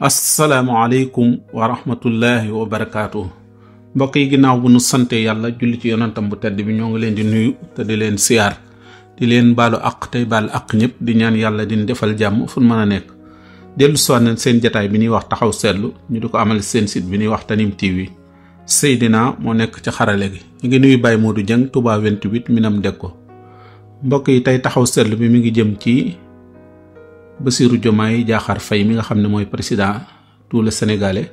asalaamualeykum wa rahmatullahi wa barakaatu. mbokk yi ginnaaw bu nu sante yàlla julli ci yonantam bu tedd bi ñoo ngi leen di nuyu te di leen siyaar di leen baalu ak tey baal ak ñëpp di ñaan yàlla di defal jàmm fu mën a nekk. dellu si seen jataay bi ñuy wax taxaw seetlu ñu di ko amal seen site bi ñuy wax yi TV Seydina moo nekk ci xarale gi ñu ngi nuyu Baye Modou Dieng Touba 28 minam deg ko mbokk yi tey taxaw seetlu bi mi ngi jëm ci Bassirou Diomaye Diakhar fay mi nga xam ne mooy président tout le sénégalais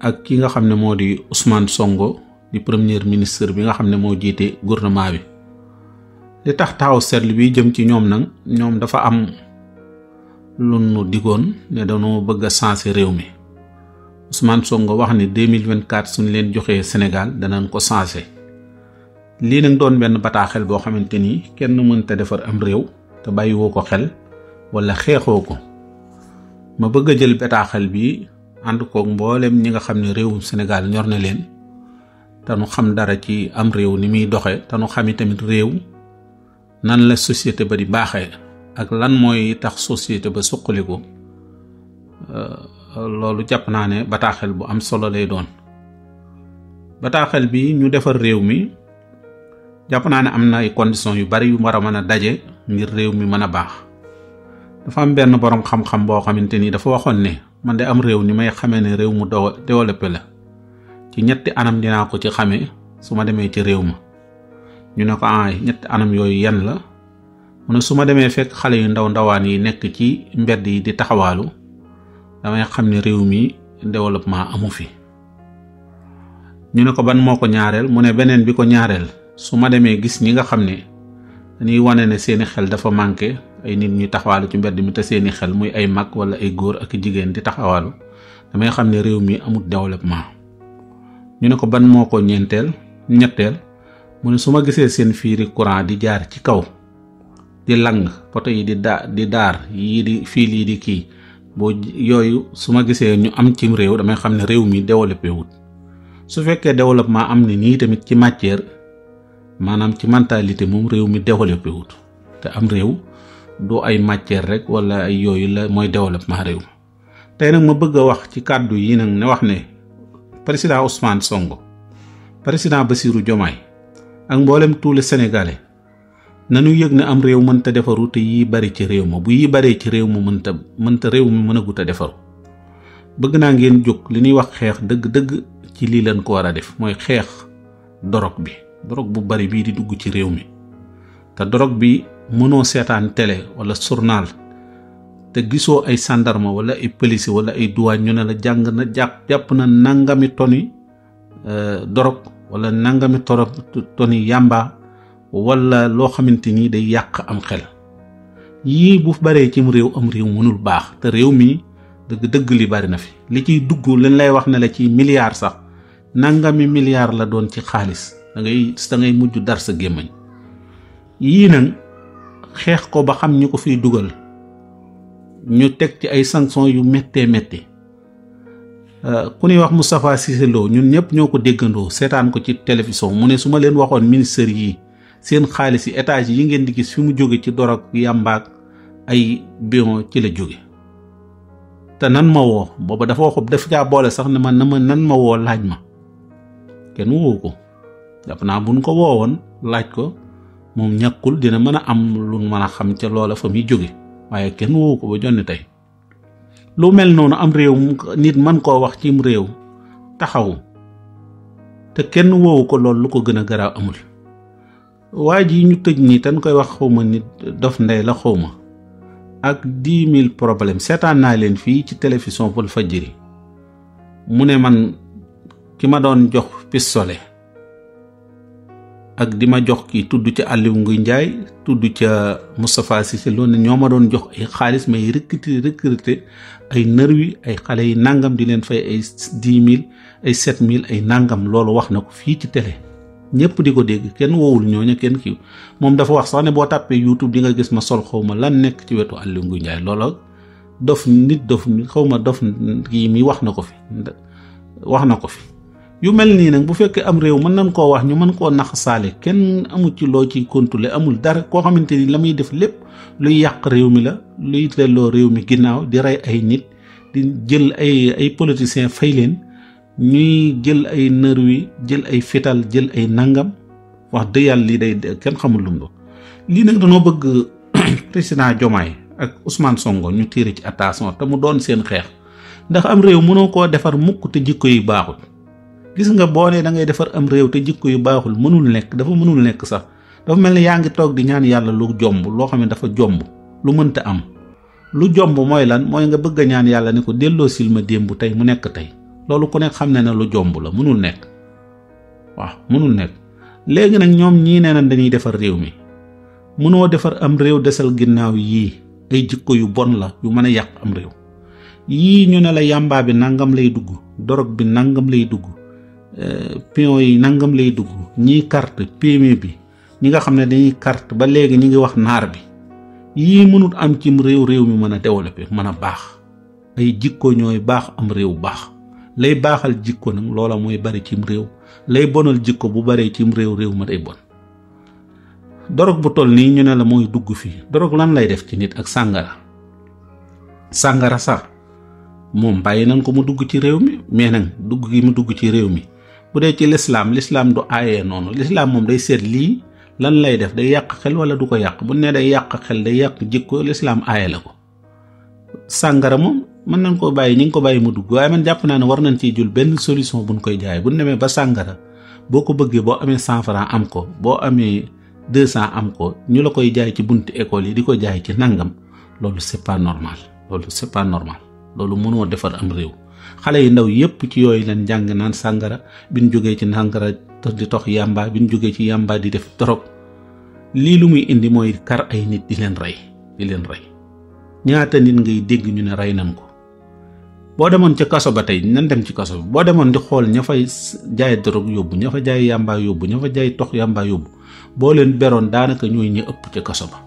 ak ki nga xam ne moo di Ousmane songo di premier ministre bi nga xam ne moo jiite gouvernement bi li tax taxaw seetlu bi jëm ci ñoom nag ñoom dafa am lu nu digoon ne dañoo bëgg a changer réew mi Ousmane songo wax ne 2024 suñ leen joxee Sénégal danañ ko changer lii nag doon benn bataaxel boo xamante ni kenn mënta defar am réew te bàyyiwoo ko xel wala xeexoo ko ma bëgg a jël bataaxal bi ànd koog mboolem ñi nga xam ne réewum Sénégal ñor na leen te nu xam dara ci am réew ni muy doxe te nu xami tamit réew nan la société ba di baaxee ak lan mooy tax société ba suqaliku euh, loolu jàpp naa ne bataaxal bu am solo lay doon bataaxal bi ñu defar réew mi jàpp naa ne am na ay conditions yu bari yu war a mën a daje ngir réew mi mën a baax dafa am benn boroom xam-xam boo xamante ni dafa waxoon ne man de am réew ni may xamee ne réew mu do développé la ci ñetti anam dinaa ko ci xamee su ma demee ci réew ma ñu ne ko ah ñetti anam yooyu yan la mu ne su ma demee fekk xale yu ndaw ndawaan yi nekk ci mbedd yi di taxawaalu damay xam ne réew mi développement amu fi ñu ne ko ban moo ko ñaareel mu ne beneen bi ko ñaareel su ma demee gis ñi nga xam ne dañuy wane ne seeni xel dafa manqué ay nit ñuy taxawaalu ci mbedd mi te seeni xel muy ay mag wala ay góor ak jigéen di taxawaalu damay xam ne réew mii amul développement ñu ne ko ban moo ko ñeenteel ñetteel mu ne su ma gisee seen fiiri courant di jaar ci kaw di lang poto yi di daa di daar yii di fiil yi di kii boo yooyu su ma gisee ñu am cim réew damay xam ne réew mi développé wut su fekkee développement am na nii tamit ci matière maanaam ci mentalité moom réew mi développé wut te am réew du ay matière rek wala ay yooyu la mooy développement réew mi tey nag ma bëgg a wax ci kàddu yi nag ne wax ne président songo Sonko ba Bassirou Diomaye ak mboolem tous les sénégalais nanu yëg ne am réew mënta defaru te yii bari ci réew ma bu yii baree ci réew ma mënta mënta réew mi mënagut a gut defaru bëgg naa ngeen jóg li ñuy wax xeex dëgg-dëgg ci lii leen ko war a def mooy xeex dorog bi dorog bu bari bii di dugg ci réew mi te dorog bi mënoo seetaan tele wala journal te gisoo ay sàndarma wala ay pëlis wala ay duwaañ ñu ne la jàng na jàpp jàpp na nangami toni euh, dorog wala nangami torop toni yàmba wala loo xamante ni day yàq am xel yii bu baree cim réew am réew mënul baax te réew mi dëgg dëgg li bari na fi li ciy dugg lañ lay wax ne la ci milliard sax nangami milliard la doon ci xaalis dangay ngay mujj dar sa gémmañ xeex ko ba xam ñi ko fiy dugal ñu teg ci ay sanctions yu méttee métti euh, ku ñuy wax Moustapha Cissé ñun ñëpp ñoo ko déggandoo seetaan ko ci télévision mu ne su ma leen waxoon ministère yi seen xaalis yi étage yi ngeen di gis fi mu jóge ci dorog yàmbaak ay bion ci la jóge te nan ma woo booba dafa waxu daf caa boole sax ne ma na ma nan ma woo laaj ma kenn woo ko daf naa buñ ko woowoon laaj ko moom ñakkul dina mën a am lu mën a xam ca loola fa muy jóge waaye kenn woo ko ba jonni tey lu mel noonu am réew nit mën koo wax cim réew taxawu te kenn woowu ko lool lu ko gën a garaaw amul waa ji ñu tëj nii tan koy wax xawma nit dof ndey la xawma ak dix mille problème seetaan naa leen fii ci télévision Walfadjri mu ne man ki ma doon jox pistolet ak di ma jox kii tudd ca Aliou Nguy Ndiaye tudd ca Moustapha Cissé loolu ne ñoo ma doon jox ay xaalis may recruter recruter ay nervi ay xale yi nangam di leen fay ay dix mille ay sept mille ay nangam loolu wax na ko fii ci télé ñëpp di ko dégg kenn wowul ñooñu kenn kiiw moom dafa wax sax ne boo tàppee YouTube di nga gis ma sol xawma ma lan nekk ci wetu Aliou Nguy Ndiaye loola dof nit dof xaw ma dof kii mi wax na ko fi wax na ko fi. yu mel nii nag bu fekkee am réew mën nañ koo wax ñu mën koo nax saale kenn amu ci loo ci contrôler amul dara koo xamante ni la muy def lépp luy yàq réew mi la luy delloo réew mi ginnaaw di rey ay nit di jël ay ay politiciens fay leen ñuy jël ay nervi jël ay fital jël ay nangam wax dëgg yàlla lii day kenn xamul lu mu lii nag dañoo bëgg président Diomaye ak Ousmane songo ñu tiire ci attention te mu doon seen xeex ndax am réew mënoo koo defar mukk te jikko yi baaxul. gis nga boo nee da ngay defar am réew te jikko yu baaxul mënul nekk dafa mënul nekk sax dafa mel ni yaa ngi toog di ñaan yàlla lu jomb loo xam ne dafa jomb lu mënta am lu jomb mooy lan mooy nga bëgg a ñaan yàlla ne ko delloo silma démb tey mu nekk tey loolu ku nekk xam na ne lu jomb la mënul nekk waaw mënul nekk léegi nag ñoom ñii nee na dañuy defar réew mi mënoo defar am réew desal ginnaaw yii ay jikko yu bon la yu mën a yàq am réew yii ñu ne la yàmbaa bi nangam lay dugg lay dugg Euh, pion yi nangam lay dugg ñii carte PME bi ñi nga xam ne dañuy carte ba léegi ñu ngi wax naar bi yii mënut am ci réew réew mi mën a développer mën a baax ay jikko ñooy baax am réew baax lay baaxal jikko nag loola mooy bari cim réew lay bonal jikko bu baree cim réew réew ma day bon dorog bu toll nii ñu ne la mooy dugg fii dorog lan lay def ci nit ak sàngara sàngara sax moom bàyyi nañ ko mu dugg ci réew mi mais nag dugg gi mu dugg ci réew mi bu dee ci lislaam lislaam du aayee noonu lislaam moom day seet lii lan lay def day yàq xel wala du ko yàq bu ne day yàq xel day yàq jikko lislaam aaye la ko sàngara moom mën nañ koo bàyyi ñi ngi ko bàyyi mu dugg waaye man jàpp naa ne war nañ ciy jul benn solution buñ koy jaay bu demee ba sàngara boo ko bëggee boo amee cent franc am ko boo amee deux cent am ko ñu la koy jaay ci bunti école yi di ko jaay ci nangam loolu c'est pas normal loolu c'est pas loolu mënoo defar am réew xale yu ndaw yépp ci yooyu leen jàng naan sàngara bi ñu jógee ci sàngara di tox yàmba bi ñu jógee ci yàmba di def dorog lii lu muy indi mooy kar ay nit di leen rey di leen rey ñaata nit ngay dégg ñu ne rey nañ ko boo demoon ca kaso ba tey nan dem ci kaso bi boo demoon di xool ña fay jaay dorog yóbbu ña fa jaay yàmbaa yóbbu ña fa jaay tox yàmbaa yóbbu boo leen beroon daanaka ñooy ñu ëpp ca kaso ba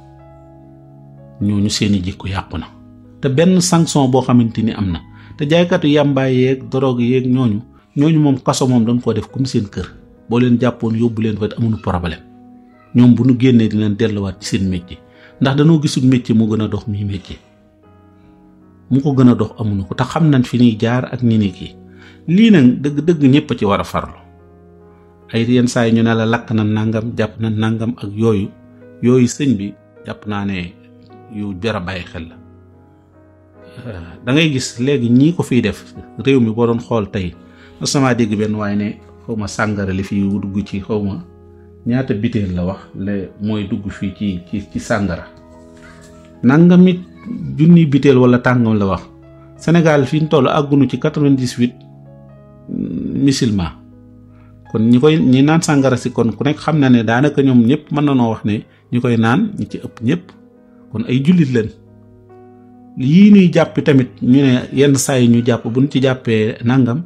ñooñu seeni jikko yàqu na te benn sanction boo xamante ni am na te jaaykatu yàmbaay yeeg drogue yéeg ñooñu ñooñu moom kaso moom dañ koo def comme seen kër boo leen jàppoon yóbbu leen fa amulu problème ñoom bu nu génnee di delluwaat ci seen métier ndax danoo gisul métier mu gën a dox mii métier mu ko gën a dox amuñu ko te xam nañ fi ñuy jaar ak ñi ni kii lii nag dëgg dëgg ñëpp a ci war a farlu ay yenn saa yi ñu ne la lakk na nangam jàpp na nangam ak yooyu yooyu sëñ bi jàpp naa ne yu jar a bàyyi xel la. da ngay gis léegi ñii ko fiy def réew mi boo doon xool tey sama dégg benn waaye ne xaw ma sàngara li fii dugg ci xawma ñaata biteel la wax le mooy dugg fii ci ci ci sàngara nangamit junni biteel wala tàngam la wax Sénégal fii ñu toll àggunu ci quatre-vingt-dix-huit musulman kon ñi koy ñi naan sàngara si kon ku nekk xam na ne daanaka ñoom ñëpp mën na noo wax ne ñi koy naan ñi ci ëpp ñëpp kon ay jullit lañ yii ñuy jàpp tamit ñu ne yenn saa yi ñu jàpp buñ ci jàppee nangam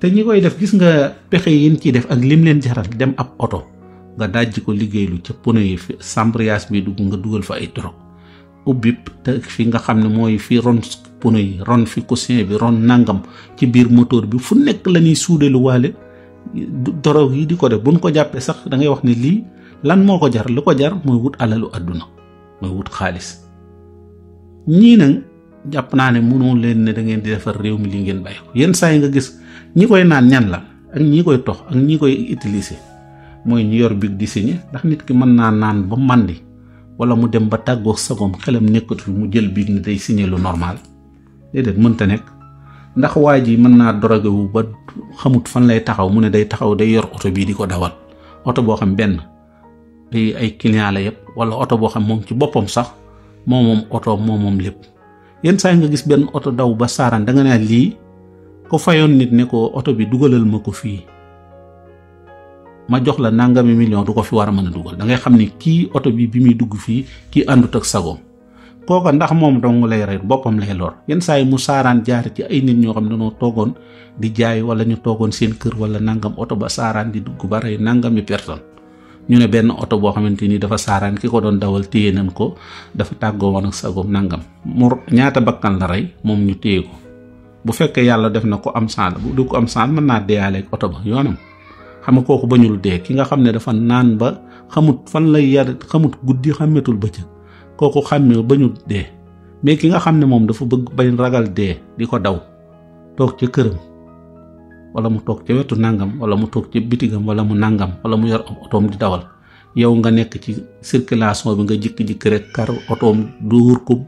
te ñi koy def gis nga pexe yin ciy def ak lim leen jaral dem ab oto nga dajji ko liggéeylu ci pono yi fi sambriage bi dugg nga dugal fa ay drogue ubbi te fi nga xam ne mooy fi ron pono yi ron fi coussin bi ron nangam ci biir moteur bi fu nekk la suude suudeelu waale drogue yi di ko def buñ ko jàppee sax dangay wax ne lii lan moo ko jar lu ko jar mooy wut alalu àdduna mooy wut xaalis ñii nag jàpp naa ne mënoo leen ne da ngeen di defar réew mi li ngeen bàyyi ko yenn saa yi nga gis ñi koy naan ñan la ak ñi koy tox ak ñi koy utiliser mooy ñu yor big di signé ndax nit ki mën naa naan ba màndi wala mu dem ba tàggoo sagoom xelam nekkatu mu jël big ni day signé lu normal déedéet mënta nekk ndax waa ji mën naa drogué wu ba xamut fan lay taxaw mu ne day taxaw day yor oto bii di ko dawal oto boo xam benn day ay client la yëpp wala oto boo xam moom ci boppam sax. moo moom oto moo moom lépp yenn saa nga gis benn oto daw ba saaraan danga ne lii ko fayoon nit ne ko oto bi dugalal ma ko fii ma jox la nangami million du ko fi war a mën a dugal da ngay xam ne kii oto bi bi muy dugg fii kii àndut ak sagoom kooka ndax moom dong lay rey boppam lay lor yenn saa yi mu saaraan jaar ci ay nit ñoo xam ne dañoo toogoon di jaay wala ñu toogoon seen kër wala nangam oto ba saaraan di dugg ba rey nangami personne ñu ne benn oto boo xamante ni dafa saaraan ki ko doon dawal téye nañ ko dafa tàggoo woon ak sagoom nangam mu ñaata bakkan la rey moom ñu téye ko bu fekkee yàlla def na ko am saan bu du ko am saan mën naa deeyaaleeg oto ba yoonam xam nga kooku bañul dee ki nga xam ne dafa naan ba xamut fan lay yar xamut guddi xàmmetul bëccëg kooku xàmmee bañul dee mais ki nga xam ne moom dafa bëgg bañ ragal dee di ko daw toog ca këram. wala mu toog ca wetu nangam wala mu toog ca bitigam wala mu nangam wala mu yor otoom di dawal yow nga nekk ci circulation bi nga jikk-jikk rek kar otoom duur ko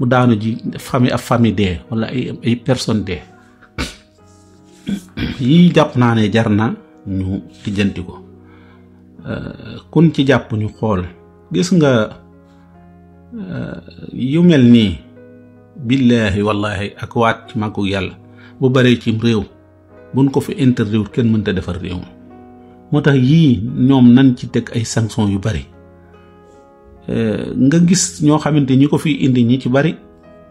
mu daanu ji famille ab famille dee wala ay ay personne dee yii jàpp naa ne jar na ñu lijjanti ko euh, kun ci jàpp ñu xool gis nga euh, yu mel nii billaahi wallaahi ak waat ci màggu yàlla bu baree cim réew buñ ko fi interdire kenn mënta defar réew mi moo tax yii ñoom nan ci teg ay sanctions yu bari nga gis ñoo xamante ñi ko indi ñi ci bari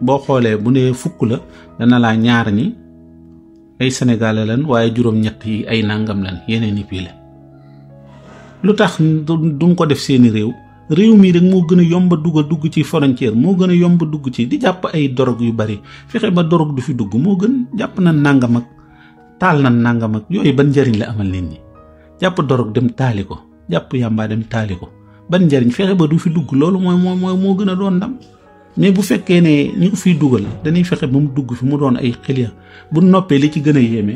boo xoolee bu nee fukk la dana laa ñaar ñi ay sénégalais lan waaye juróom ay nangam lan yeneen i lu tax duñ ko def seeni réew réew mii rek moo gën a yomb a dugg ci frontière moo gën a yomb dugg ci di jàpp ay dorog yu bari fexe ba dorog du fi dugg moo gën jàpp na nàngam ak taal na nangam ak yooyu ban njariñ la amal nit ñi jàpp dorog dem taali ko jàpp yàmbaa dem taali ko ban njariñ fexe ba du fi dugg loolu mooy mooy mooy moo gën a doon ndam mais bu fekkee ne ñi ko fiy dugal dañuy fexe ba mu dugg fi mu doon ay xiliya bu noppee li ci gën a yéeme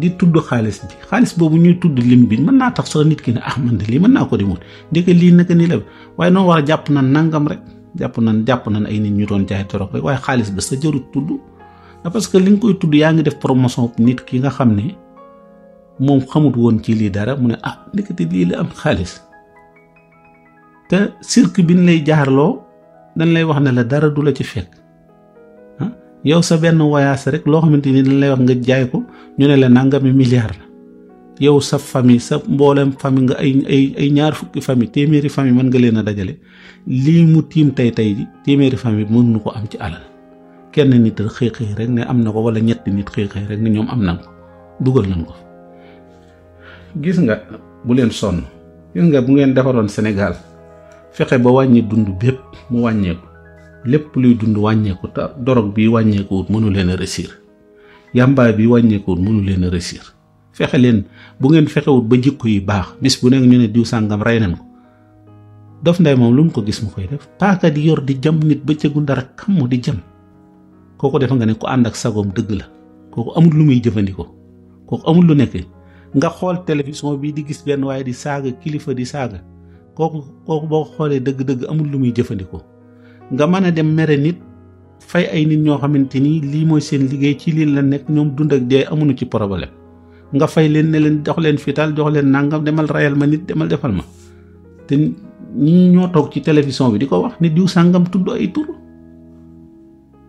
di tudd xaalis bi xaalis boobu ñuy tudd lim bi mën naa tax sax nit ki ne ah man de lii mën naa ko di wut ndeke lii naka ni la waaye noonu war jàpp na nangam rek jàpp nañ jàpp nañ ay nit ñu doon jaay torop waaye xaalis ba sa jarut tudd Ah, parce que li nga koy tudd yaa ngi def promotion nit ki nga xam ne moom xamut woon ci lii dara mu ne ah ndekete lii la am xaalis te cirque bi ñu lay jaarloo dañ lay wax ne la dara du la ci fekk ah, yow sa benn voyage rek loo xamante ni dañ lay wax nga jaay ko ñu ne la nangami milliard la yow sa famille sa mboolem famille nga ay ay ay ñaar fukki famille téeméeri famille mën nga leen a dajale lii mu tiim tey tey ji téeméeri famille mën nu ko am ci alal. kenn nit xëy xëy rek ne am na ko wala ñetti nit xëy xëy rek ne ñoom am na ko dugal nañ ko gis nga bu leen sonn gis nga bu ngeen defaroon senegal fexe ba wàññi dund bépp mu wàññeeku lépp luy dund wàññeeku te dorog bi wàññeeku mënu leen a réussir yàmbaay bi wàññeekuwut mënu leen a réussir fexe leen bu ngeen fexewut ba jikko yi baax bis bu nekk ñu ne diw sàngam rey nañ ko dof ndey moom lu mu ko gis mu koy def paaka di yor di jam nit ba cëgu ndara kamm kooku de xam nga ne ku ànd ak sagoom dëgg la kooku amul lu muy jëfandikoo kooku amul lu nekk nga xool télévision bi di gis benn waaye di saaga kilifa di saaga kooku kooku boo xoolee dëgg-dëgg amul lu muy jëfandikoo nga mën a dem mere nit fay ay nit ñoo xamante ni lii mooy seen liggéey ci lii la nekk ñoom dund ak dee amuñu ci problème nga fay leen ne leen jox leen fital jox leen nangam demal rayal ma nit demal defal ma te ñoo toog ci télévision bi di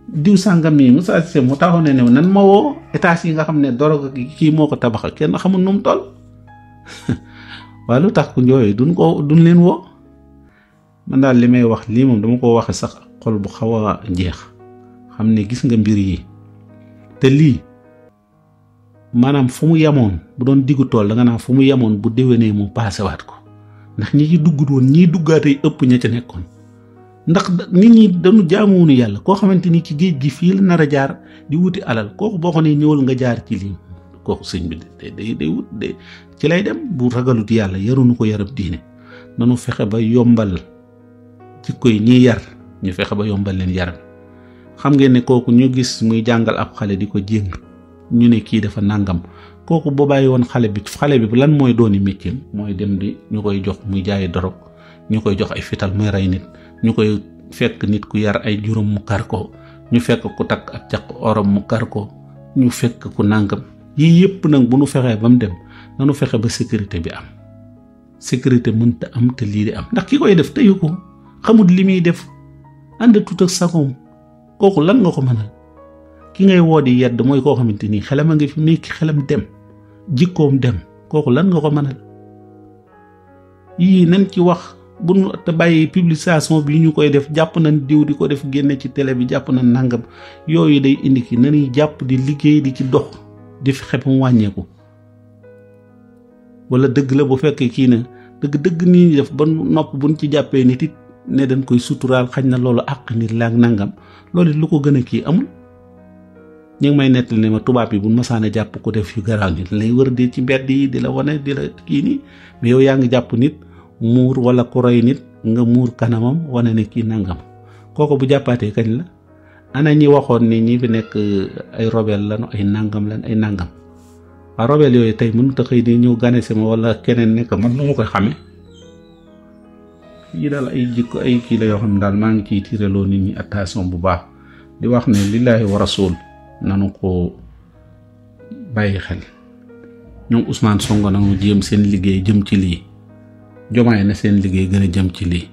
diw sàngam yi Moussa Cissé mu taxaw ne new nan ma woo étage yi nga xam ne doro kii moo ko tabax kenn xamul nu mu toll waaye lu tax ku njooyee duñ ko duñ leen woo man daal li may wax lii moom dama ko waxe sax xol bu xaw a jeex xam ne gis nga mbir yi te lii maanaam fu mu yemoon bu doon diggu tool danga nga naan fu mu yemoon bu déwénee mu paase waat ko ndax ñi ci duggut woon ñii yi ëpp ña ca nekkoon ndax nit ñi dañu jaamuwunu yàlla koo xamante ni ci géej gi fii la nar a jaar di wuti alal kooku boo ko ne ñëwal nga jaar ci lii kooku sëñ bi day day wut de ci lay dem bu ragalut yàlla yarunu ko yarab diine nanu fexe ba yombal ci koy ñiy yar ñu fexe ba yombal leen yaram xam ngeen ne kooku ñu gis muy jàngal ab xale di ko jéng ñu ne kii dafa nàngam kooku boo bàyyi woon xale bi xale bi lan mooy dooni métier mooy dem di ñu koy jox muy jaayi dorog ñu koy jox ay fital muy rey nit ñu koy fekk nit ku yar ay juróom mu kar ko ñu fekk ku takk ab caq orom mu kar ko ñu fekk ku nàngam yii yëpp nag bu nu fexee ba mu dem nanu fexe ba sécurité bi am sécurité mënta am te lii di am ndax ki koy def teyu ko xamut li muy def ànd tut ak sagoom kooku lan nga ko mënal ki ngay woo di yedd mooy koo xamante ni xelem a ngi fi nekk xelam dem jikkoom dem kooku lan nga ko mënal yii nañ ci wax bu nu te bàyyi publication bi ñu koy def jàpp nañ diw di ko def génne ci tele bi jàpp na nangam yooyu day indi ki nañuy jàpp di liggéey di ci dox di fi xepp wàññeeku wala dëgg la bu fekkee kii na dëgg dëgg nii def ba nopp buñ ci jàppee nit it ne dañ koy suturaal xañ na loolu àq nit la ak nangam loolu it lu ko gën a kii amul ñu ngi may nettali ne ma tubaab yi bu masaane jàpp ko def yu garaaw nit lay wër di ci mbedd yi di la wane di la kii yaa ngi jàpp nit muur wala ku nit nga muur kanamam wane ne kii nangam kooko bu jàppaatee kañ la ana ñi waxoon ni ñi fi nekk eh, ay robel lanu ay nangam lan ay nangam waa robel yooyu tey mënut a xëy di ñëw ganesi ma wala keneen nekk man nu ma koy xamee yi daal ay jikko ay kii la yoo xam ne daal maa ngi ciy tiiraloo nit ñi attention bu baax di wax ne lillaahi wa rasul nanu ko bàyyi xel ñoom Ousmane na nanu jéem seen liggéey jëm ci lii jomaay na seen liggéey gën a jëm ci lii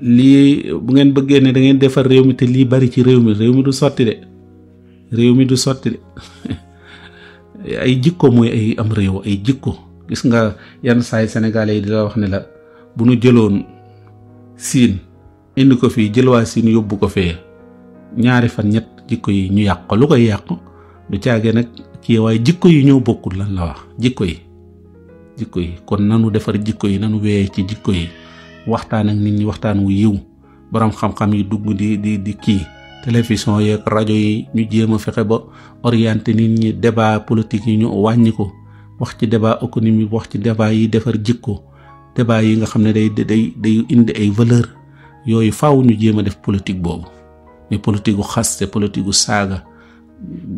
lii bu ngeen bëggee ne dangeen defar réew mi te lii bari ci réew mi réew mi du sotti de réew mi du sotti de ay jikko mooy ay am réew ay jikko gis nga yan saay sénégalais yi di la wax ne la bu nu jëloon siin indi ko fii jël waa siin yóbbu ko fee ñaari fan ñett jikko yi ñu yàq ko lu koy yàq du caage nag kii waaye jikko yi ñoo bokkul lan la wax jikko yi jikko yi kon nanu defar jikko yi nanu weye ci jikko yi waxtaan ak nit ñi waxtaan wu yiw borom xam-xam yi dugg di di di kii télévision yeeg rajo yi ñu jéem a fexe ba orienté nit ñi débat politique yi ñu wàññi ko wax ci débat économique wax ci débat yi defar jikko débat yi nga xam ne day day day indi ay valeur yooyu faw ñu jéem a def politique boobu mais politique gu xaste politique gu saaga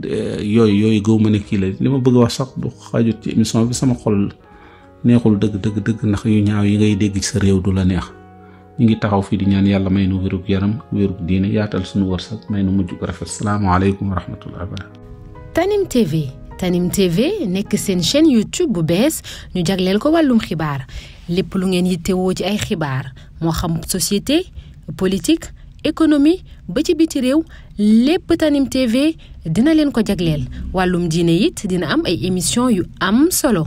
euh, yooyu yooyu gëw ma ne kii la li ma bëgg wax sax du xajut ci émission bi sama xol neexul dëgg dëgg dëgg ndax yu ñaaw yi ngay dégg ci sa réew du la neex ñu ngi taxaw fii di ñaan yàlla may nu wérug yaram wérug diine yaatal suñu wërsëg may nu mujj ko rafet salaamaaleykum wa rahmatullahi wa Tanim TV Tanim TV nekk seen chaîne YouTube bu bees ñu jagleel ko wàllum xibaar lépp lu ngeen yittewoo ci ay xibaar moo xam société politique économie ba ci biti réew lépp Tanim TV dina leen ko jagleel wàllum diine it dina am ay émission yu am solo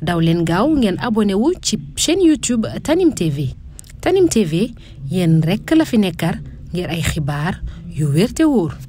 daw leen gaaw ngeen abonné wu ci chaîne YouTube Tanim TV Tanim TV yéen rekk la fi nekkar ngir ay xibaar yu wér te wóor